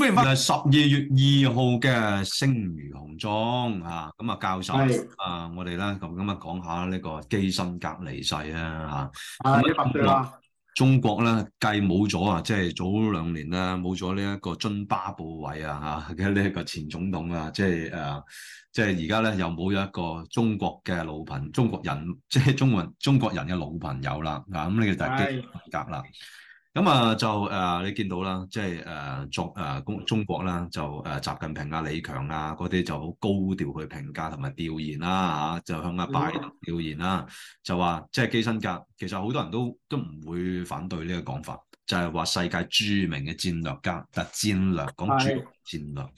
誒十二月二號嘅聲如洪鍾嚇，咁啊教授啊，我哋咧咁咁啊講下呢個基辛格離世啊嚇。中國咧計冇咗啊，即係、就是、早兩年咧冇咗呢一個津巴布韋啊嚇嘅呢一個前總統、就是、啊，即係誒，即係而家咧又冇咗一個中國嘅老朋中國人，即係中文中國人嘅老朋友啦。嗱、啊，咁呢個就係基辛格啦。咁啊，就、呃、誒，你見到啦，即係誒，作誒中中國啦，就誒，習、呃、近平啊、李強啊嗰啲就好高調去評價同埋吊唁啦、啊，吓就向阿拜登吊唁啦、啊嗯，就話即係基辛格，其實好多人都都唔會反對呢個講法，就係、是、話世界著名嘅戰略家，但戰略講戰略。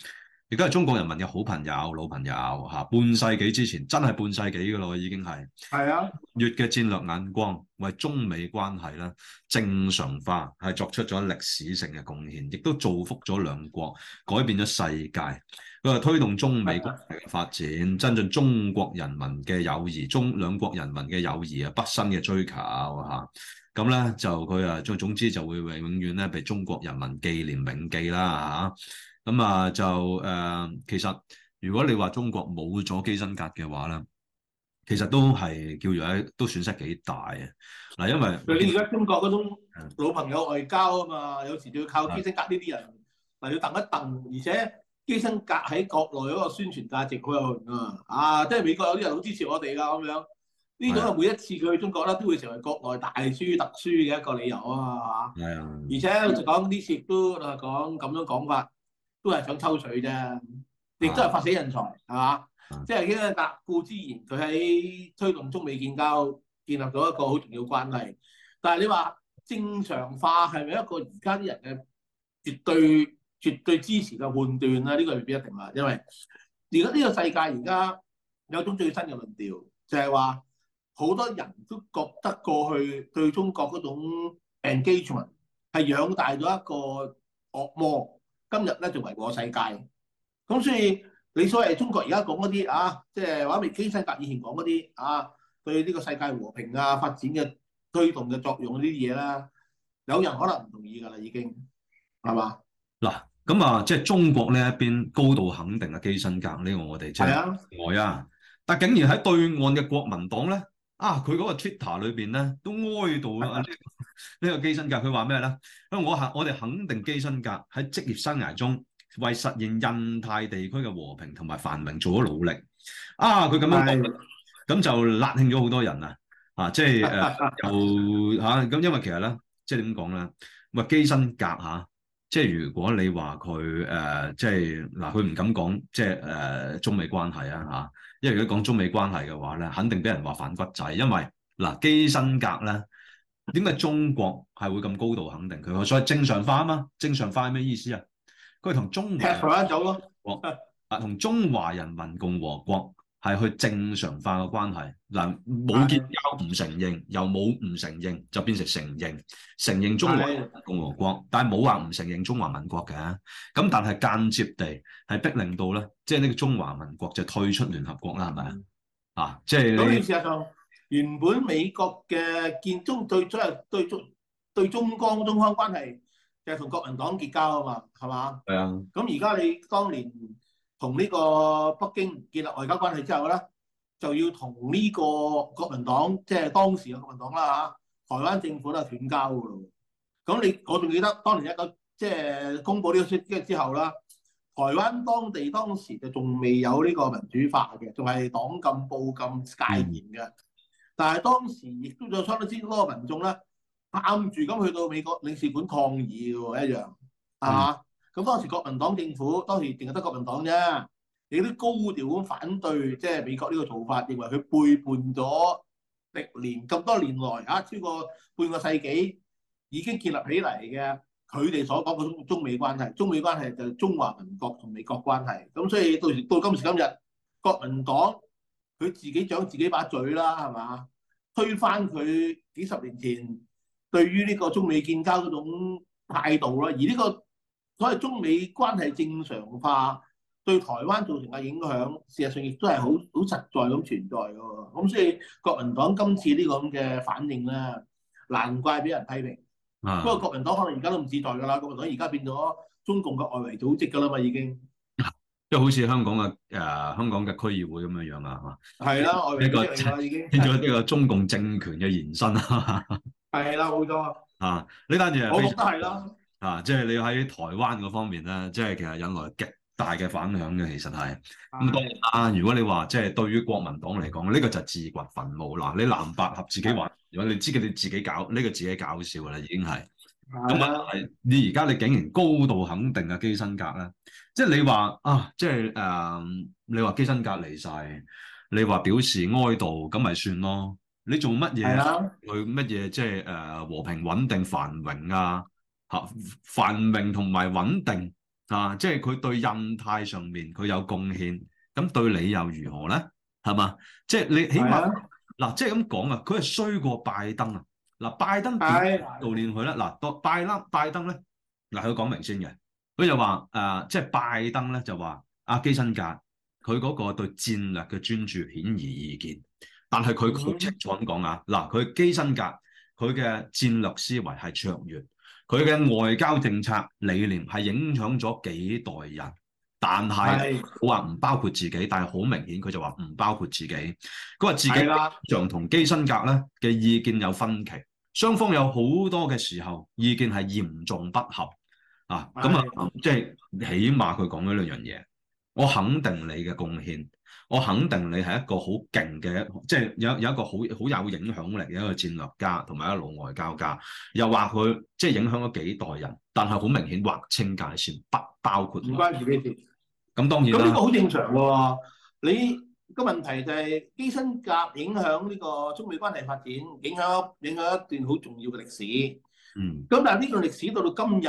而家係中國人民嘅好朋友、老朋友嚇，半世紀之前真係半世紀嘅咯，已經係。係啊。越嘅戰略眼光為中美關係咧正常化係作出咗歷史性嘅貢獻，亦都造福咗兩國，改變咗世界。佢係推動中美關係嘅發展，增進中國人民嘅友誼，中兩國人民嘅友誼啊，畢生嘅追求嚇。咁咧就佢啊，總之就會永永遠咧被中國人民紀念、銘記啦嚇。咁啊，就、呃、誒，其實如果你話中國冇咗基辛格嘅話咧，其實都係叫做都損失幾大啊。嗱，因為你而家中國嗰種老朋友外交啊嘛，有時就要靠基辛格呢啲人嚟要蹬一蹬，而且基辛格喺國內嗰個宣傳價值好有用啊。啊，即係美國有啲人好支持我哋㗎，啊，咁樣呢種係每一次佢去中國咧，都會成為國內大書特書嘅一個理由啊嘛。係啊，而且這就講呢次都啊講咁樣講法。都係想抽取啫，亦都係發死人才，係嘛？即係因為達庫之言，佢、就、喺、是、推動中美建交，建立咗一個好重要的關係。但係你話正常化係咪一個而家啲人嘅絕對絕對支持嘅判斷咧？呢、這個未必一定啦，因為而家呢個世界而家有一種最新嘅論調，就係話好多人都覺得過去對中國嗰種 engagement 係係養大咗一個惡魔。今日咧就為我世界，咁所以你所謂中國而家講嗰啲啊，即係話未基辛格以前講嗰啲啊，對呢個世界和平啊發展嘅推動嘅作用呢啲嘢啦，有人可能唔同意噶啦，已經係嘛？嗱、嗯，咁啊，即係中國呢一邊高度肯定嘅、啊、基辛格呢、呢個我哋即係、啊、外啊，但竟然喺對岸嘅國民黨咧。啊！佢嗰個 Twitter 裏邊咧都哀悼啊！呢、這個基辛格佢話咩咧？因為我肯我哋肯定基辛格喺職業生涯中為實現印太地區嘅和平同埋繁榮做咗努力。啊！佢咁樣講，咁就辣㷫咗好多人啊！啊，即係誒又嚇咁，因為其實咧，即係點講咧？唔係基辛格嚇，即、啊、係、就是、如果你話佢誒，即係嗱，佢、就、唔、是、敢講，即係誒中美關係啊嚇。因為如果講中美關係嘅話，肯定俾人話反骨仔，因為基辛格呢點解中國係會咁高度肯定佢？所以正常化嘛，正常化係咩意思啊？佢係同中華國啊，同中華人民共和國。 係去正常化嘅關係嗱，冇建有唔承認，又冇唔承認就變成承認，承認中華共和國，但係冇話唔承認中華民國嘅。咁但係間接地係逼令到咧，即係呢個中華民國就退出聯合國啦，係咪？嗯、啊？即、就、係、是。事實上，原本美國嘅建中最初係對中對中江中方關係就同國民黨結交啊嘛，係嘛？係啊。咁而家你當年。同呢個北京建立外交關係之後咧，就要同呢個國民黨，即係當時嘅國民黨啦嚇，台灣政府都係斷交㗎咯。咁你我仲記得，當年一九即係公布呢個消息之後啦，台灣當地當時就仲未有呢個民主化嘅，仲係黨禁、報禁、戒嚴嘅。但係當時亦都再相當之多個民眾咧，啱住咁去到美國領事館抗議㗎喎一樣，啊、嗯！嗯咁當時國民黨政府當時淨係得國民黨啫，你都高調咁反對即係美國呢個做法，認為佢背叛咗歷年咁多年來嚇超過半個世紀已經建立起嚟嘅佢哋所講嘅中美關係。中美關係就係中華民國同美國關係，咁所以到到今時今日，國民黨佢自己掌自己把嘴啦，係嘛？推翻佢幾十年前對於呢個中美建交嗰種態度啦，而呢個。所以中美關係正常化對台灣造成嘅影響，事實上亦都係好好實在咁存在嘅喎。咁所以國民黨今次呢個咁嘅反應咧，難怪俾人批評，啊。不過國民黨可能而家都唔自在㗎啦，國民黨而家變咗中共嘅外圍組織㗎啦嘛，已經。即係好似香港嘅誒、呃、香港嘅區議會咁樣樣啦，係嘛？係啦，外圍組織啦，已經變咗一個中共政權嘅延伸啦。係啦、啊，好 多啊呢單嘢。我多都係啦。啊！即係你喺台灣嗰方面咧，即係其實引來極大嘅反響嘅，其實係咁。當然啦，如果你話即係對於國民黨嚟講，呢個就自掘墳墓。嗱，你藍白合自己玩，如果你知佢哋自己搞，呢個自己搞笑啦，已經係咁啊！你而家你竟然高度肯定啊，基辛格咧，即係你話啊，即係誒、啊，你話基辛格離世，你話表示哀悼，咁咪算咯？你做乜嘢啊？佢乜嘢即係誒和平穩定繁榮啊？啊，繁榮同埋穩定啊，即係佢對印太上面佢有貢獻，咁對你又如何咧？係嘛？即係你起碼嗱，即係咁講啊，佢係衰過拜登啊！嗱，拜登點悼念佢咧？嗱，當拜、拜登啦，啊、拜登咧嗱，佢講明先嘅，佢就話誒，即係拜登咧就話阿基辛格，佢嗰個對戰略嘅專注顯而易見，但係佢好清楚咁講啊，嗱，佢基辛格佢嘅戰略思維係卓越。佢嘅外交政策理念係影響咗幾代人，但係佢話唔包括自己，但係好明顯佢就話唔包括自己。佢話自己啦像同基辛格咧嘅意見有分歧，雙方有好多嘅時候意見係嚴重不合啊。咁啊，即係起碼佢講咗兩樣嘢，我肯定你嘅貢獻。我肯定你係一個好勁嘅，即係有有一個好好有影響力嘅一個戰略家同埋一個老外交家，又話佢即係影響咗幾代人，但係好明顯劃清界線，不包括唔關自己事。咁當然，咁呢個好正常喎、啊。你個問題就係基辛格影響呢個中美關係發展，影響影響一段好重要嘅歷史。嗯。咁但係呢個歷史到到今日，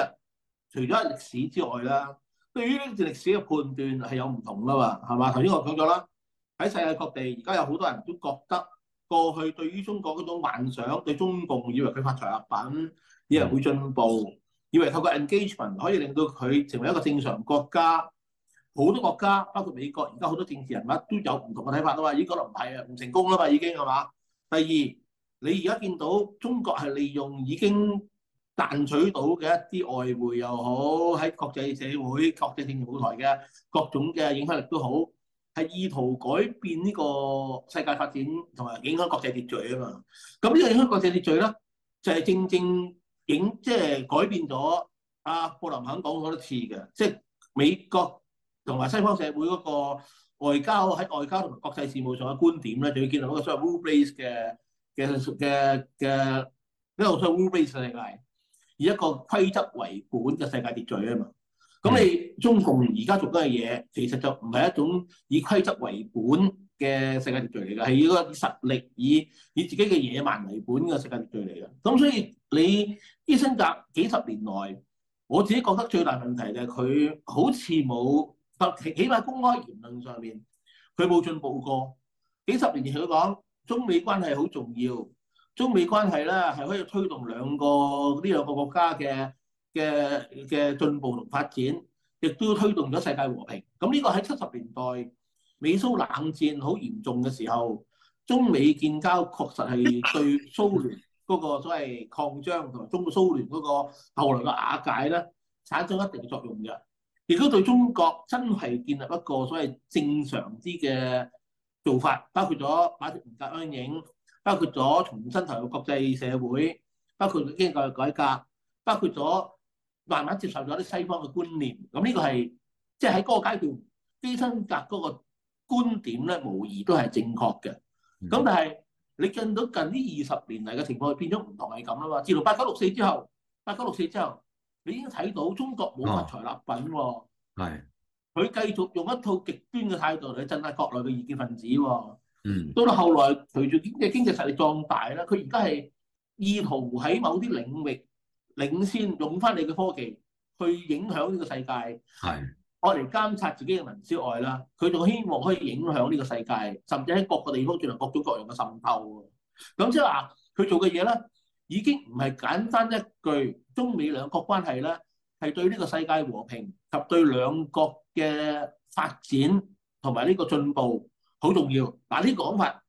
除咗係歷史之外啦，對於呢段歷史嘅判斷係有唔同噶嘛？係嘛？頭先我講咗啦。喺世界各地，而家有好多人都覺得過去對於中國嗰種幻想，對中共以為佢發財物品，以為會進步，以為透過 engagement 可以令到佢成為一個正常國家。好多國家，包括美國，而家好多政治人物都有唔同嘅睇法啦嘛，已經覺得唔係啊，唔成功啦嘛，已經係嘛。第二，你而家見到中國係利用已經賺取到嘅一啲外匯又好，喺國際社會、國際政治舞台嘅各種嘅影響力都好。係意圖改變呢個世界發展，同埋影響國際秩序啊嘛。咁呢個影響國際秩序咧，就係、是、正正影即係、就是、改變咗阿布林肯講好多次嘅，即、就、係、是、美國同埋西方社會嗰個外交喺外交同埋國際事務上嘅觀點咧，就要建立嗰個所謂 rule-based 嘅嘅嘅嘅一個所謂 rule-based 嘅世界，以一個規則為本嘅世界秩序啊嘛。咁你中共而家做緊嘅嘢，其實就唔係一種以規則為本嘅世界秩序嚟嘅，係以個實力以、以以自己嘅野蠻為本嘅世界秩序嚟嘅。咁所以你基辛格幾十年來，我自己覺得最大問題就係佢好似冇，或起碼公開言論上面佢冇進步過。幾十年前佢講中美關係好重要，中美關係咧係可以推動兩個呢兩個國家嘅。嘅嘅進步同發展，亦都推動咗世界和平。咁呢個喺七十年代美蘇冷戰好嚴重嘅時候，中美建交確實係對蘇聯嗰個所謂擴張同埋中國蘇聯嗰個後來嘅瓦解咧，產生一定嘅作用嘅。亦都對中國真係建立一個所謂正常啲嘅做法，包括咗擺脫文革陰影，包括咗重新投入國際社會，包括經濟改革，包括咗。慢慢接受咗啲西方嘅觀念，咁呢個係即係喺嗰個階段，基辛格嗰個觀點咧，無疑都係正確嘅。咁、嗯、但係你見到近呢二十年嚟嘅情況，變咗唔同係咁啦嘛。至到八九六四之後，八九六四之後，你已經睇到中國冇發財立品喎，佢、哦、繼續用一套極端嘅態度嚟鎮壓國內嘅異見分子喎。嗯，到到後來隨住嘅經濟實力壯大咧，佢而家係意圖喺某啲領域。領先用翻你嘅科技去影響呢個世界，係，我嚟監察自己嘅民衆外啦，佢仲希望可以影響呢個世界，甚至喺各個地方進行各種各樣嘅滲透。咁即係話佢做嘅嘢咧，已經唔係簡單一句中美兩國關係咧，係對呢個世界和平及對兩國嘅發展同埋呢個進步好重要。嗱，呢個講法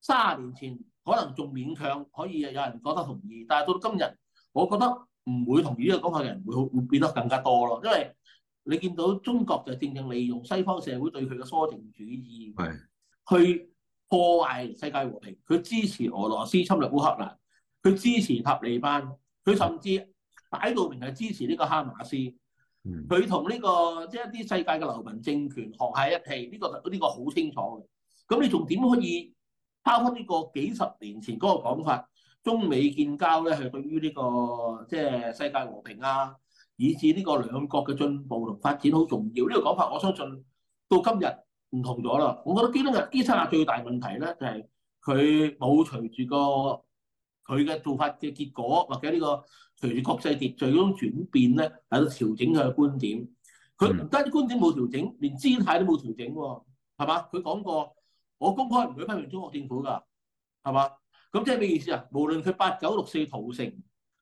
三十年前可能仲勉強可以有人覺得同意，但係到今日，我覺得。唔會同呢個講法嘅人會好會變得更加多咯，因為你見到中國就正正利用西方社會對佢嘅綏靖主義，係去破壞世界和平。佢支持俄羅斯侵略烏克蘭，佢支持塔利班，佢甚至擺到明係支持呢個哈馬斯。佢同呢個即係、就是、一啲世界嘅流民政權學喺一氣，呢、這個呢、這個好清楚嘅。咁你仲點可以拋開呢個幾十年前嗰個講法？中美建交咧係對於呢、這個即係、就是、世界和平啊，以至呢個兩國嘅進步同發展好重要。呢、這個講法我相信到今日唔同咗啦。我覺得基隆日、基辛格最大問題咧就係佢冇隨住個佢嘅做法嘅結果，或者呢個隨住國際秩序嗰種轉變咧，喺度調整佢嘅觀點。佢唔單止觀點冇調整，連姿態都冇調整喎、啊。係嘛？佢講過，我公開唔會批評中國政府㗎。係嘛？咁即係咩意思啊？無論佢八九六四屠城，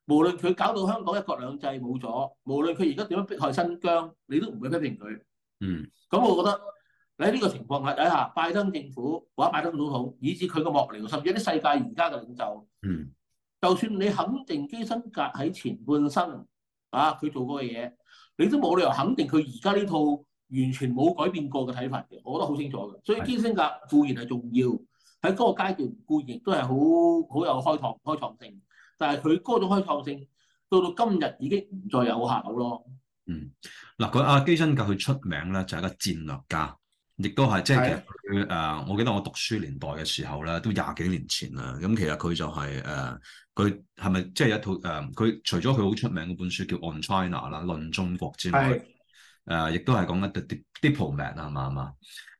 無論佢搞到香港一國兩制冇咗，無論佢而家點樣迫害新疆，你都唔會批評佢。嗯。咁我覺得喺呢個情況下底下，拜登政府或者拜登總統，以至佢個幕僚，甚至啲世界而家嘅領袖，嗯。就算你肯定基辛格喺前半生啊，佢做過嘅嘢，你都冇理由肯定佢而家呢套完全冇改變過嘅睇法嘅。我覺得好清楚嘅，所以基辛格固然係重要。嗯。喺嗰個階段固然都係好好有開創開創性，但係佢嗰種開創性到到今日已經唔再有效咯。嗯，嗱佢阿基辛格佢出名咧就係、一、個戰略家，亦都係即係其實佢誒、呃、我記得我讀書年代嘅時候咧都廿幾年前啦。咁其實佢就係誒佢係咪即係有一套誒佢、呃、除咗佢好出名嗰本書叫《On China》啦，《論中國》之外，誒亦、呃、都係講緊《The Diplomat》啊嘛嘛，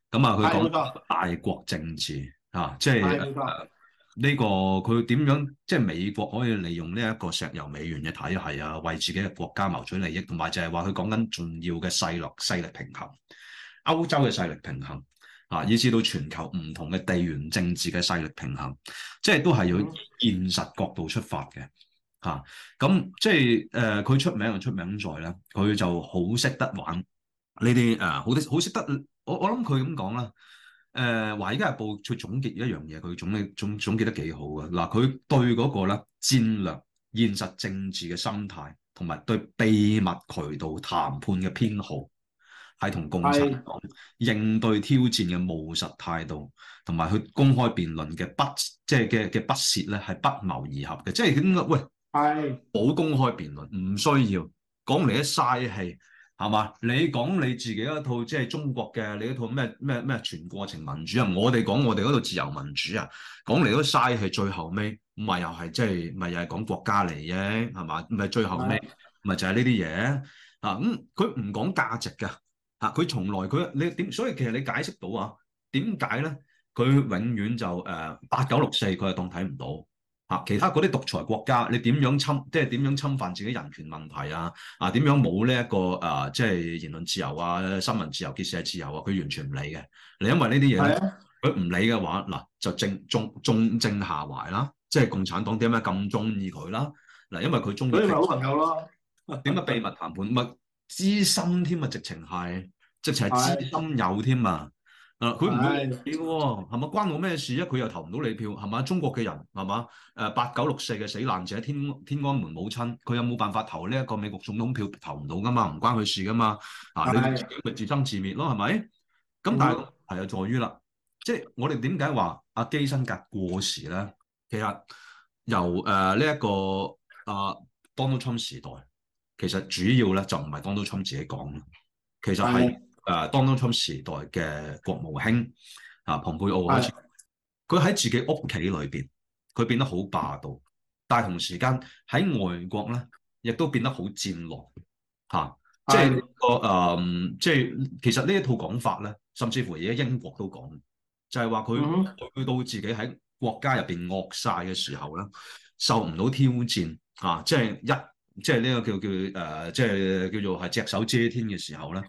咁啊佢講大國政治。啊，即係呢、啊這個佢點樣？即係美國可以利用呢一個石油美元嘅體系啊，為自己嘅國家謀取利益，同埋就係話佢講緊重要嘅勢落勢力平衡，歐洲嘅勢力平衡啊，以至到全球唔同嘅地緣政治嘅勢力平衡，即係都係要現實角度出發嘅。吓、啊，咁即係誒，佢、呃、出名就出名在咧，佢就好識得玩呢啲誒，好啲好識得，我我諗佢咁講啦。誒、呃，華爾街日報佢總結一樣嘢，佢總總總結得幾好噶。嗱，佢對嗰個咧戰略現實政治嘅心態，同埋對秘密渠道談判嘅偏好，係同共產黨應對挑戰嘅務實態度，同埋去公開辯論嘅不即係嘅嘅不屑咧，係不謀而合嘅。即係點啊？喂，係冇公開辯論，唔需要講嚟，一嘥氣。係嘛？你講你自己一套，即係中國嘅你一套咩咩咩全過程民主啊？我哋講我哋嗰套自由民主啊，講嚟都嘥，係最後尾，唔係又係即係咪又係講國家嚟嘅係嘛？唔係最後尾，咪就係呢啲嘢啊？咁佢唔講價值㗎吓，佢、啊、從來佢你點？所以其實你解釋到啊，點解咧？佢永遠就誒八九六四，佢、呃、係當睇唔到。啊！其他嗰啲獨裁國家，你點樣侵，即係點樣侵犯自己人權問題啊？啊，點樣冇呢一個誒、呃，即係言論自由啊、新聞自由、結社自由啊？佢完全唔理嘅。嗱，因為呢啲嘢咧，佢唔、啊、理嘅話，嗱就正中正中下懷啦。即係共產黨點解咁鍾意佢啦？嗱，因為佢中。所以咪好朋友咯？點解秘密談判？唔 係知心添啊！直情係，直情係知心友添啊！佢唔會票，他不你票，係咪關我咩事啊？佢又投唔到你票，係咪？中國嘅人，係咪？誒、呃，八九六四嘅死難者，天天安門母親，佢有冇辦法投呢一個美國總統票？投唔到噶嘛，唔關佢事噶嘛。啊，你自己咪自生自滅咯，係咪？咁但係係有在於啦，即係我哋點解話阿基辛格過時咧？其實由誒呢一個誒 Donald Trump 時代，其實主要咧就唔係 Donald Trump 自己講，其實係。誒當 o n 時代嘅國務卿啊，蓬佩奧佢喺自己屋企裏邊，佢變得好霸道，但係同時間喺外國咧，亦都變得好戰狼吓，即、啊、係、就是那個誒，即係、嗯就是、其實呢一套講法咧，甚至乎而家英國都講，就係話佢去到自己喺國家入邊惡晒嘅時候咧，受唔到挑戰吓，即、啊、係、就是、一即係呢個叫叫誒，即、呃、係、就是、叫做係隻手遮天嘅時候咧。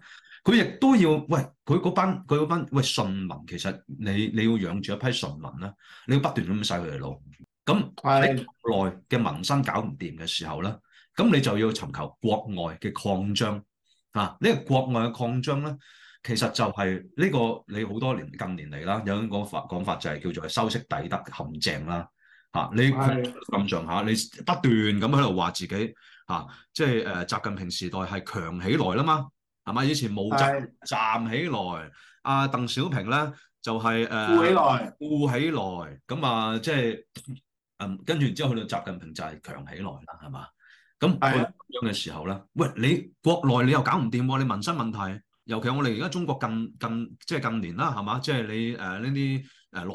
佢亦都要喂佢嗰班，佢嗰班喂順民，其實你你要養住一批順民啦，你要不斷咁洗佢哋腦。咁喺國內嘅民生搞唔掂嘅時候咧，咁你就要尋求國外嘅擴張。啊，呢、這個國外嘅擴張咧，其實就係呢、這個你好多年近年嚟啦，有種講法，講法就係叫做修昔底德陷阱啦。嚇、啊，你咁上下，你不斷咁喺度話自己嚇，即係誒習近平時代係強起來啦嘛～係嘛？以前冇站站起來，阿鄧、啊、小平咧就係、是、誒，呃、起來，富起來，咁啊，即、就、係、是、嗯，跟住然之後去到習近平就係強起來啦，係嘛？咁咁嘅時候咧，喂，你國內你又搞唔掂、啊，你民生問題，尤其我哋而家中國近近，近即係近年啦、啊，係嘛？即、就、係、是、你誒呢啲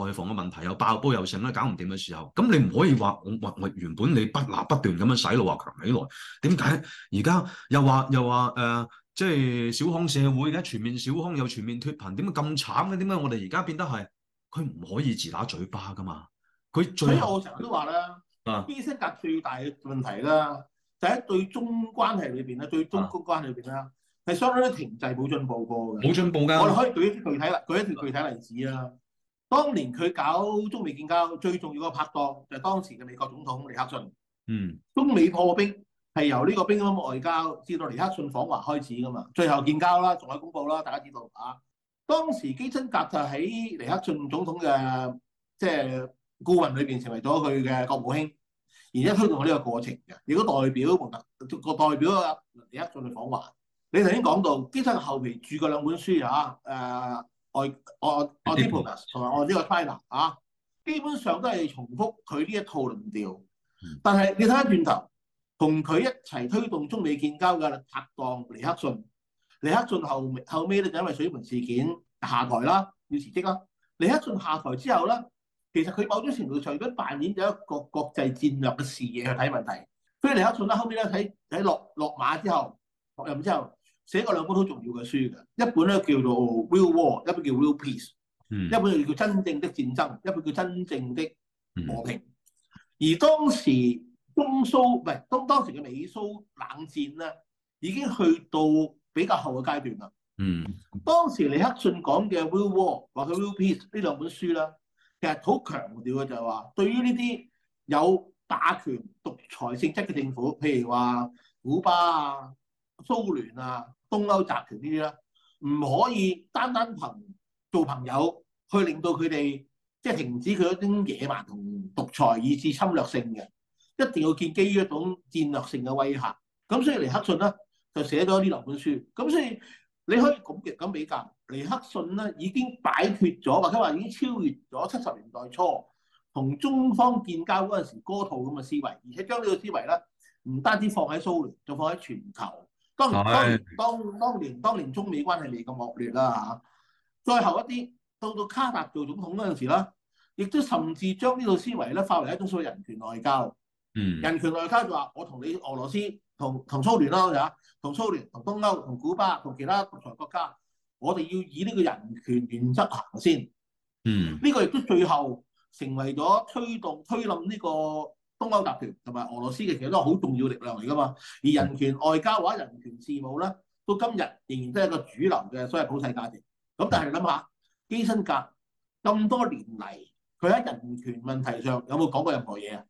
誒內房嘅問題又爆煲又成啦，搞唔掂嘅時候，咁你唔可以話我我我原本你不立不斷咁樣洗腦話強起來，點解而家又話又話誒？呃即係小康社會，而家全面小康又全面脫貧，點解咁慘嘅？點解我哋而家變得係佢唔可以自打嘴巴噶嘛？佢最因為我成日都話啦，啊，基辛格最大嘅問題啦，就喺對中關係裏邊啦，對中高關係裏邊啦，係相當於停滯冇進步過嘅。冇進步㗎啊。我哋可以舉啲具體啦，舉一條具體例子啊。當年佢搞中美建交，最重要個拍檔就係當時嘅美國總統尼克遜。嗯。中美破冰。係由呢個乒乓外交，至到尼克遜訪華開始噶嘛？最後建交啦，仲有公布啦，大家知道啊。當時基辛格就喺尼克遜總統嘅即係顧問裏邊，成為咗佢嘅國務卿，然之後推動咗呢個過程嘅。如果代表莫代表嗰尼克遜訪華，你頭先講到基辛格後期著過兩本書啊，誒外外外同埋我呢個 china 啊，基本上都係重複佢呢一套論調，但係你睇下轉頭。同佢一齊推動中美建交嘅拍檔尼克遜，尼克遜後後尾咧就因為水門事件下台啦，要辭職啦。尼克遜下台之後咧，其實佢某種程度上已經扮演咗一個國際戰略嘅視野去睇問題。所以尼克遜咧後面咧喺喺落落馬之後，落任之後寫過兩本好重要嘅書嘅，一本咧叫做《Real War》，一本叫《Real Peace》，一本叫《真正的戰爭》，一本叫《真正的和平》，嗯。而當時。中蘇唔係當當時嘅美蘇冷戰咧，已經去到比較後嘅階段啦。嗯，當時尼克遜講嘅 Real War 或者 Real Peace 呢兩本書啦，其實好強調嘅就係話，對於呢啲有打權獨裁性質嘅政府，譬如話古巴啊、蘇聯啊、東歐集團這些呢啲咧，唔可以單單憑做朋友去令到佢哋即係停止佢嗰種野蠻同獨裁以至侵略性嘅。一定要建基於一種戰略性嘅威嚇，咁所以尼克遜咧就寫咗呢兩本書。咁所以你可以咁極咁比較，尼克遜咧已經擺脫咗，或者話已經超越咗七十年代初同中方建交嗰陣時候歌套咁嘅思維，而且將呢個思維咧唔單止放喺蘇聯，就放喺全球。當年當年當年，當年中美關係嚟咁惡劣啦、啊、嚇。最後一啲，到到卡達做總統嗰陣時啦，亦都甚至將呢個思維咧化為一種所謂人權外交。嗯，人權外交就話我同你俄羅斯同同蘇聯啦，又同蘇聯同東歐同古巴同其他獨裁國家，我哋要以呢個人權原則行先。嗯，呢個亦都最後成為咗推動推冧呢個東歐集團同埋俄羅斯嘅其實都好重要力量嚟噶嘛。而人權外交或者人權事務咧，到今日仍然都係一個主流嘅，所謂普世價值。咁但係你諗下，基辛格咁多年嚟，佢喺人權問題上有冇講過任何嘢啊？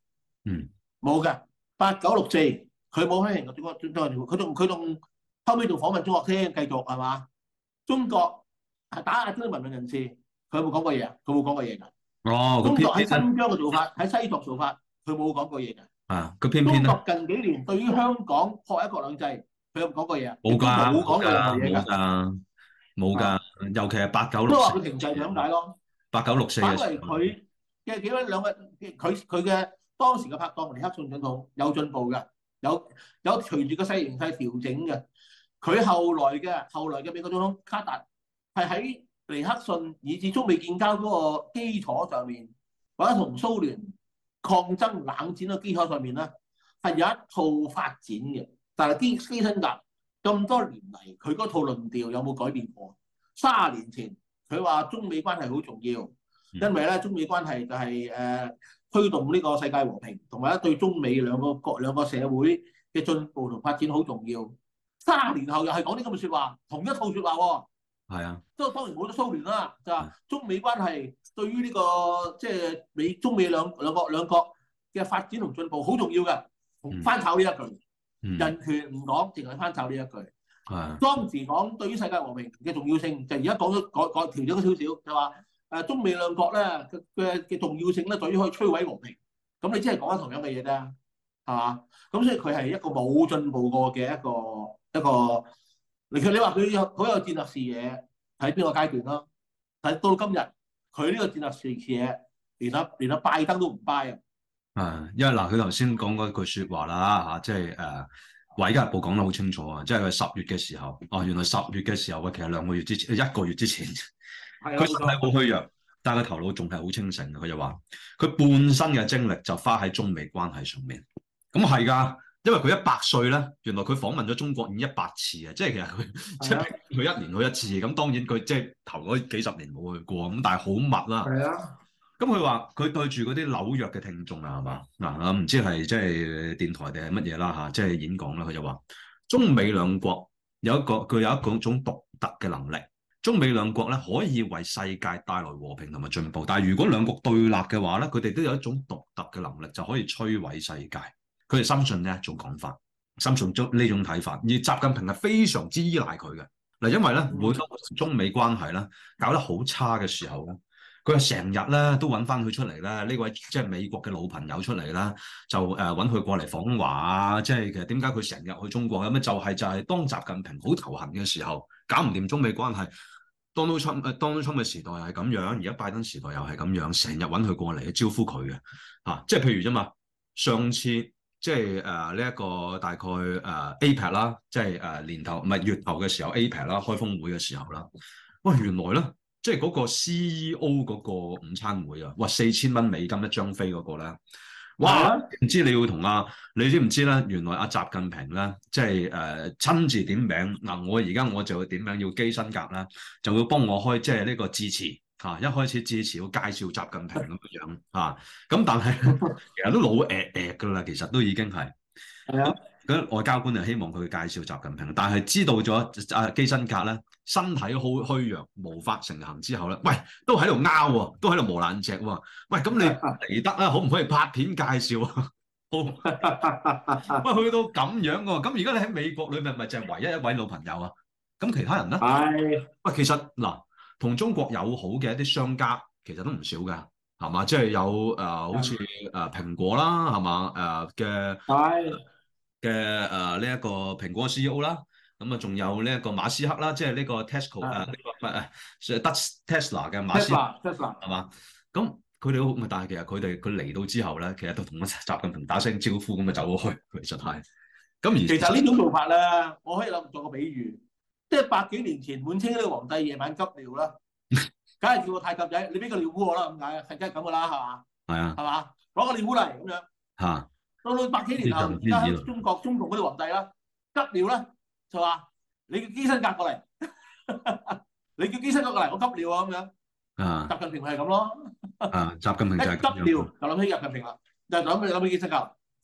嗯。冇㗎，八九六四，佢冇開人。中國中中佢仲佢仲後尾仲訪問中國聽，繼續係嘛？中國係打壓啲文化人士，佢有冇講過嘢啊？佢冇講過嘢㗎。哦，咁佢喺新疆嘅做法，喺西藏做法，佢冇講過嘢㗎。啊，佢偏偏咧。中國近幾年對於香港破一國兩制，佢有冇講過嘢啊？冇㗎，冇㗎，冇㗎，冇㗎，尤其係八九六四。都話佢停滯兩大咯。八九六四啊，因為佢嘅幾分兩個，佢佢嘅。當時嘅拍檔尼克遜總統有進步嘅，有有隨住個勢形勢調整嘅。佢後來嘅後來嘅美國總統卡特係喺尼克遜以至中美建交嗰個基礎上面，或者同蘇聯抗爭冷戰嘅基礎上面咧，係有一套發展嘅。但係基基辛格咁多年嚟，佢嗰套論調有冇改變過？卅年前佢話中美關係好重要，因為咧中美關係就係、是、誒。呃推動呢個世界和平，同埋咧對中美兩個國兩個社會嘅進步同發展好重要。卅年後又係講啲咁嘅説話，同一套説話喎。係啊，即係當然冇咗蘇聯啦，就係、係、中美關係對於呢、呢個即係、就係、美中美兩兩個兩國嘅發展同進步好重要嘅。翻炒呢一句，係啊，人權唔講，淨係翻炒呢一句。係啊，當時講對於世界和平嘅重要性，就而家講咗改改調整咗少少，就話。誒，中美兩國咧佢嘅嘅重要性咧，在於可以摧毀和平。咁你即係講緊同樣嘅嘢啫，係嘛？咁所以佢係一個冇進步過嘅一個一個。其實你話佢好有戰略視野，喺邊個階段咯？喺到今日，佢呢個戰略視野，連阿連阿拜登都唔拜 u 啊！因為嗱，佢頭先講嗰句説話啦嚇，即係誒《家、這個、日報》講得好清楚啊，即、就、係、是、十月嘅時候，哦，原來十月嘅時候，其實兩個月之前，一個月之前。佢身體冇虛弱，但係個頭腦仲係好清醒嘅。佢就話：佢半身嘅精力就花喺中美關係上面。咁係噶，因為佢一百歲咧，原來佢訪問咗中國已一百次啊！即係其實佢即係佢一年去一次，咁當然佢即係頭嗰幾十年冇去過，咁但係好密啦。係啊，咁佢話：佢對住嗰啲紐約嘅聽眾啊，係嘛嗱，唔知係即係電台定係乜嘢啦嚇，即係演講啦。佢就話：中美兩國有一個佢有一，有一種獨特嘅能力。中美兩國咧可以為世界帶來和平同埋進步，但係如果兩國對立嘅話咧，佢哋都有一種獨特嘅能力，就可以摧毀世界。佢哋深信呢一種講法，深信中呢種睇法。而習近平係非常之依賴佢嘅嗱，因為咧每當中美關係咧搞得好差嘅時候咧，佢係成日咧都揾翻佢出嚟啦，呢位即係、就是、美國嘅老朋友出嚟啦，就誒揾佢過嚟訪華，即係其實點解佢成日去中國嘅咩？就係、是、就係、是、當習近平好頭痕嘅時候。搞唔掂中美關係，當初、當初嘅時代係咁樣，而家拜登時代又係咁樣，成日揾佢過嚟招呼佢嘅、啊，即係譬如啫嘛，上次即係誒呢一個大概誒、呃、APEC 啦，即係誒、呃、年頭唔係月頭嘅時候 APEC 啦，開峰會嘅時候啦，喂、啊，原來咧，即係嗰個 CEO 嗰個午餐會啊，哇四千蚊美金一張飛嗰個咧。哇！唔知你要同阿你知唔知咧？原來阿習近平咧，即係誒親自點名嗱，我而家我就要點名要基辛格呢，就要幫我開即係呢個致辭、啊。一開始致辭，要介紹習近平咁樣樣咁、啊、但係 其實都老 at 噶啦，其實都已經係咁外交官就希望佢介紹習近平，但係知道咗阿基辛格咧。身體好虛弱，無法成行之後咧，喂，都喺度拗喎，都喺度磨爛隻喎，喂，咁你嚟得啦，可 唔可以拍片介紹啊？好，喂，去到咁樣喎、啊，咁而家你喺美國裏面，咪就係唯一一位老朋友啊？咁其他人咧？係，喂，其實嗱，同、呃、中國友好嘅一啲商家其實都唔少嘅，係嘛？即、就、係、係、有誒、呃，好似誒蘋果啦，係嘛？誒嘅嘅誒呢一個蘋、呃、果 CEO 啦。咁啊，仲有呢一個馬斯克啦，即係呢個 Tesla 啊，德 Tesla 嘅馬斯克，Tesla 係嘛？咁佢哋好，但係其實佢哋佢嚟到之後咧，其實都同阿習近平打聲招呼咁啊，走咗去佢就係咁而其。其實種呢種做法咧，我可以諗作個比喻，即係百幾年前滿清呢個皇帝夜晚急尿啦，梗係叫個太監仔，你俾個尿壺我啦，咁解係梗係咁噶啦，係嘛？係啊，係嘛？攞個尿嚟咁樣吓，到到百幾年後，而家中國中共嗰啲皇帝啦，急尿啦。就話你叫基辛格過嚟，你叫基辛格過嚟， 我急尿啊咁樣。啊，習近平咪係咁咯。啊，習近平就係急尿，就諗起習近平啦，就諗起諗起基辛格。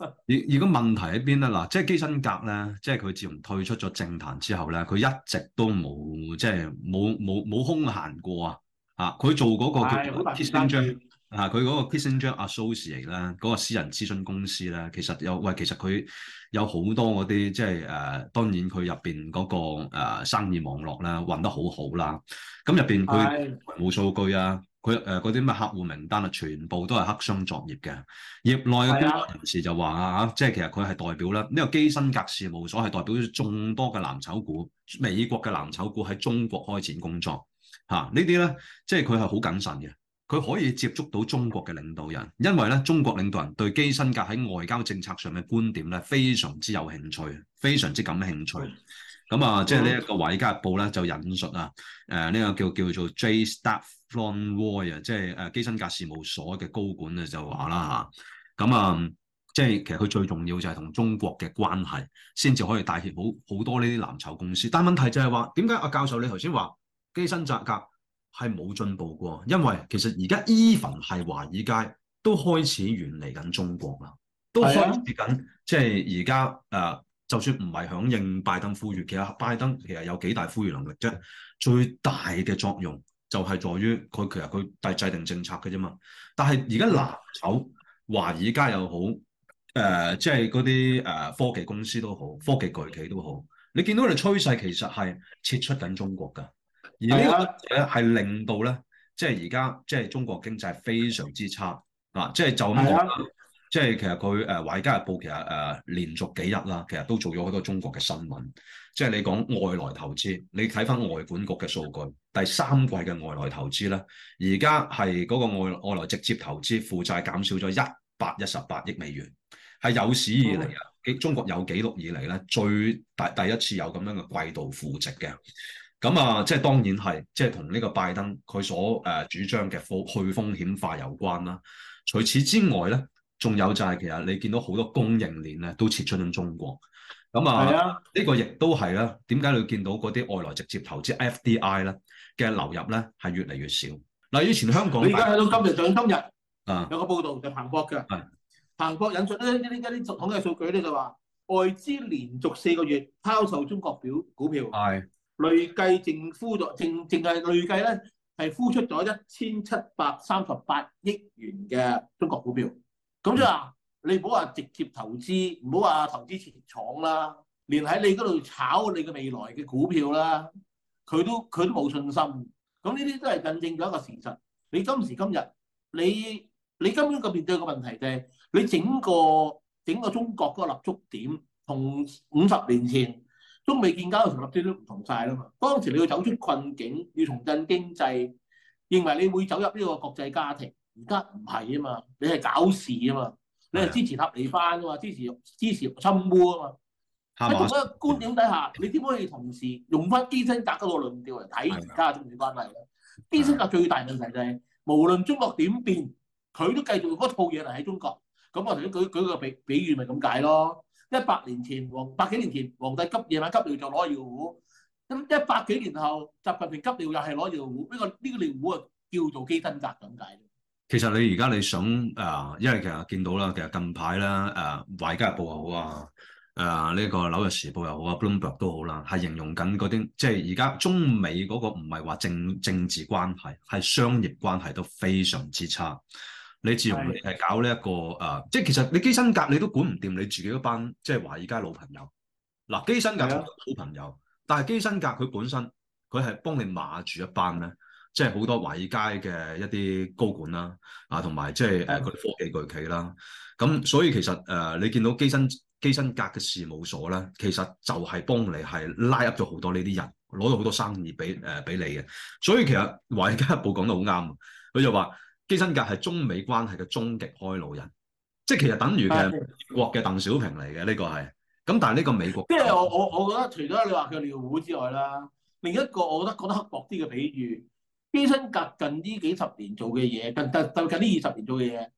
而而家問題喺邊咧？嗱，即係基辛格咧，即係佢自從退出咗政壇之後咧，佢一直都冇即係冇冇冇空閒過啊。啊，佢做嗰個叫啊！佢嗰個 Kissinger Associates 咧，嗰、那個私人諮詢公司咧，其實有喂，其實佢有好多嗰啲即係誒，當然佢入面嗰、那個、呃、生意網絡啦，運得好好啦。咁入面佢冇數據啊，佢誒嗰啲咩客戶名單啊，全部都係黑箱作業嘅。業內嘅專業人士就話啊即係、就是、其實佢係代表啦。呢、這個基辛格事務所係代表眾多嘅藍籌股、美國嘅藍籌股喺中國開展工作。吓、啊、呢啲咧，即係佢係好謹慎嘅。佢可以接觸到中國嘅領導人，因為咧中國領導人對基辛格喺外交政策上嘅觀點咧非常之有興趣，非常之感興趣。咁啊，即係呢一個《華爾街日報》咧就引述啊，誒、呃、呢、這個叫叫做 J. Stadlmann Waugh 啊，即係誒基辛格事務所嘅高管就啊，啊就話啦嚇，咁啊即係其實佢最重要就係同中國嘅關係先至可以帶挈好好多呢啲藍籌公司。但問題就係話點解阿教授你頭先話基辛格係冇進步過，因為其實而家 even 係華爾街都開始遠離緊中國嘛，都開始緊即係而家誒，就算唔係響應拜登呼籲，其實拜登其實有幾大呼籲能力啫。最大嘅作用就係在於佢其實佢係制定政策嘅啫嘛。但係而家拿走華爾街又好誒，即係嗰啲誒科技公司都好，科技巨企都好，你見到佢嘅趨勢其實係撤出緊中國㗎。而呢個嘢係令到咧，即係而家即係中國經濟非常之差啊！即係就咁、是、講，即係其實佢誒《華爾街日報》其實誒連續幾日啦，其實都做咗好多中國嘅新聞。即、就、係、是、你講外來投資，你睇翻外管局嘅數據，第三季嘅外來投資咧，而家係嗰個外外來直接投資負債減少咗一百一十八億美元，係有史以嚟啊！中國有記錄以嚟咧，最大第一次有咁樣嘅季度負值嘅。咁啊，即係當然係，即係同呢個拜登佢所誒、呃、主張嘅去風險化有關啦。除此之外咧，仲有就係其實你見到好多供應鏈咧都撤出咗中國咁啊。呢、啊呢個亦都係啦。點解你見到嗰啲外來直接投資 F D I 咧嘅流入咧係越嚟越少？嗱，以前香港，你而家睇到今日上、就係、今日，、就係、今日啊，有個報道就係、彭博嘅、啊，彭博引述咧呢一啲傳統嘅數據咧就話外資連續四個月拋售中國表股票。累計淨呼咗淨淨係累計咧，係付出咗一千七百三十八億元嘅中國股票。咁即係話，你唔好話直接投資，唔好話投資設廠啦，連喺你嗰度炒你嘅未來嘅股票啦，佢都佢都冇信心。咁呢啲都係印證咗一個事實。你今時今日，你你根本個面對嘅問題就係、是，你整個整個中國嗰個立足點，同五十年前。都未建交，嘅同立啲都唔同晒啦嘛！當時你要走出困境，要重振經濟，認為你會走入呢個國際家庭，而家唔係啊嘛！你係搞事啊嘛！是你係支持塔利班啊嘛！支持支持侵烏啊嘛！喺同一個觀點底下，你點可以同時用翻基辛格嘅論調嚟睇而家中美關係咧？基辛格最大問題就係、是、無論中國點變，佢都繼續嗰套嘢嚟喺中國。咁我頭先舉舉個比比喻，咪咁解咯。一百年前皇百幾年前皇帝急夜晚急尿就攞尿壺，咁一百幾年後習近平急尿又係攞尿壺，邊、這個呢、這個尿壺啊叫做基辛格咁解？其實你而家你想誒、呃，因為其實見到啦，其實近排啦誒《外、呃、交日報》又好啊，誒、呃、呢、這個《紐約時報》又好啊，《Bloomberg》都好啦，係形容緊嗰啲即係而家中美嗰個唔係話政政治關係，係商業關係都非常之差。你自從係搞呢、這、一個啊，即係、呃、其實你基辛格你都管唔掂你自己嗰班即係、就是、華爾街老朋友。嗱、啊，基辛格好朋友，但係基辛格佢本身佢係幫你馬住一班咧，即係好多華爾街嘅一啲高管啦，啊，同埋即係誒佢哋科技巨企啦。咁所以其實誒、呃、你見到基辛基辛格嘅事務所咧，其實就係幫你係拉入咗好多呢啲人，攞到好多生意俾誒俾你嘅。所以其實華爾街報講得好啱，佢就話。基辛格係中美關係嘅終極開路人，即係其實等於嘅國嘅鄧小平嚟嘅呢個係，咁但係呢個美國即係我我我覺得除咗你話佢尿虎之外啦，另一個我覺得覺得刻薄啲嘅比喻，基辛格近呢幾十年做嘅嘢，近近近呢二十年做嘅嘢，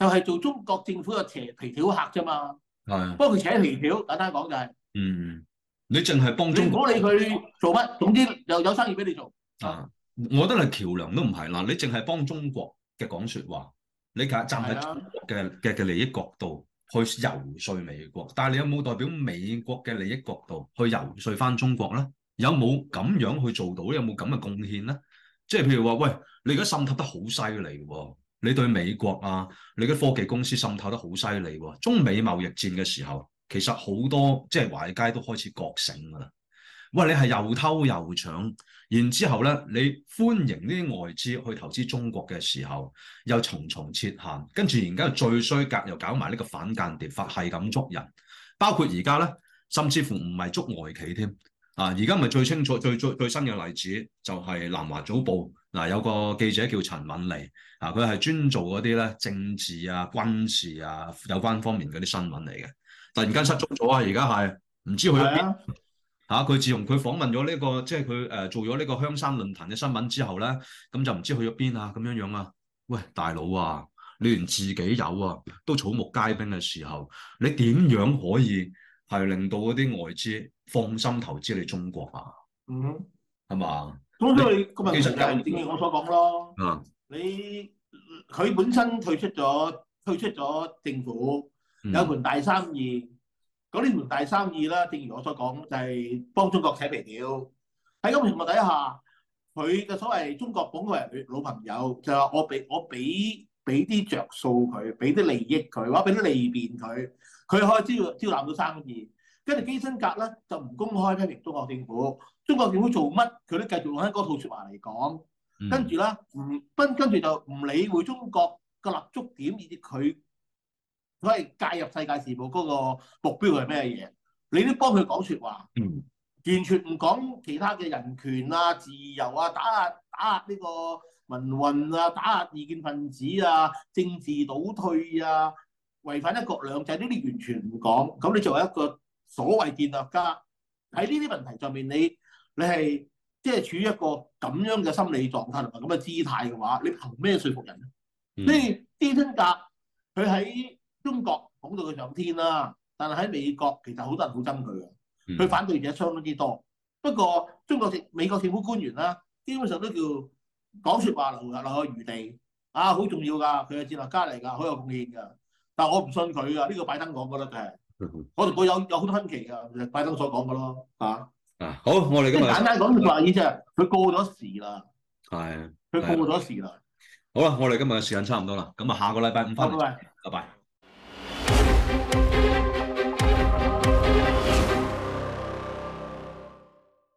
就係、是、做中國政府嘅扯皮條客啫嘛，係，幫佢扯皮條簡單講就係，嗯，你淨係幫中國，唔好理佢做乜，總之又有生意俾你做，啊，我覺得係橋梁都唔係嗱，你淨係幫中國。嘅講説話，你架站喺中國嘅嘅嘅利益角度去游説美國，但係你有冇代表美國嘅利益角度去游説翻中國咧？有冇咁樣去做到？有冇咁嘅貢獻咧？即係譬如話，喂，你而家滲透得好犀利喎！你對美國啊，你嘅科技公司滲透得好犀利喎！中美貿易戰嘅時候，其實好多即係華爾街都開始覺醒噶啦。喂，你係又偷又搶。然之後咧，你歡迎呢啲外資去投資中國嘅時候，又重重設限，跟住而家最衰格，又搞埋呢個反間諜法，係咁捉人，包括而家咧，甚至乎唔係捉外企添啊！而家咪最清楚、最最最新嘅例子就係《南華早報》嗱、啊，有個記者叫陳敏妮啊，佢係專做嗰啲咧政治啊、軍事啊有關方面嗰啲新聞嚟嘅，突然間失蹤咗啊！而家係唔知去咗邊？啊！佢自從佢訪問咗呢個，即係佢誒做咗呢個香山論壇嘅新聞之後咧，咁就唔知去咗邊啊，咁樣樣啊！喂，大佬啊，你連自己有啊，都草木皆兵嘅時候，你點樣可以係令到嗰啲外資放心投資你中國啊？嗯，係嘛？咁所以個問題就正如我所講咯。啊，你佢本身退出咗，退出咗政府有盤大生意。嗯嗰呢門大生意啦，正如我所講，就係、是、幫中國扯皮條。喺咁情況底下，佢嘅所謂中國本國人老朋友就話：我俾我俾俾啲着數佢，俾啲利益佢，或者俾啲利便佢，佢可以招招攬到生意。跟住基辛格咧就唔公開批評中國政府，中國政府做乜佢都繼續用緊嗰套説話嚟講。跟住咧，胡、嗯、斌跟住就唔理會中國個立足點，以至佢。佢係介入世界事務嗰個目標係咩嘢？你都幫佢講説話、嗯，完全唔講其他嘅人權啊、自由啊、打壓打壓呢個民運啊、打壓異見分子啊、政治倒退啊、違反一國兩制呢啲，完全唔講。咁你作為一個所謂建立家喺呢啲問題上面，你你係即係處於一個咁樣嘅心理狀態同埋咁嘅姿態嘅話，你憑咩説服人呢？所以，基辛格佢喺中國捧到佢上天啦、啊，但係喺美國其實好多人好憎佢嘅，佢反對者相當之多。不過中國政美國政府官員啦，基本上都叫講説話留留有餘地啊，好重要㗎，佢係戰略家嚟㗎，好有貢獻㗎。但係我唔信佢啊。呢個拜登講過得嘅，我哋得有有好多分歧㗎，就係、拜登所講嘅咯啊。啊，好，我哋今日即係簡單講句話，意思係佢過咗時啦。係佢過咗時啦。好啦，我哋今日嘅時間差唔多啦，咁啊，下個禮拜五翻嚟，拜拜。拜拜。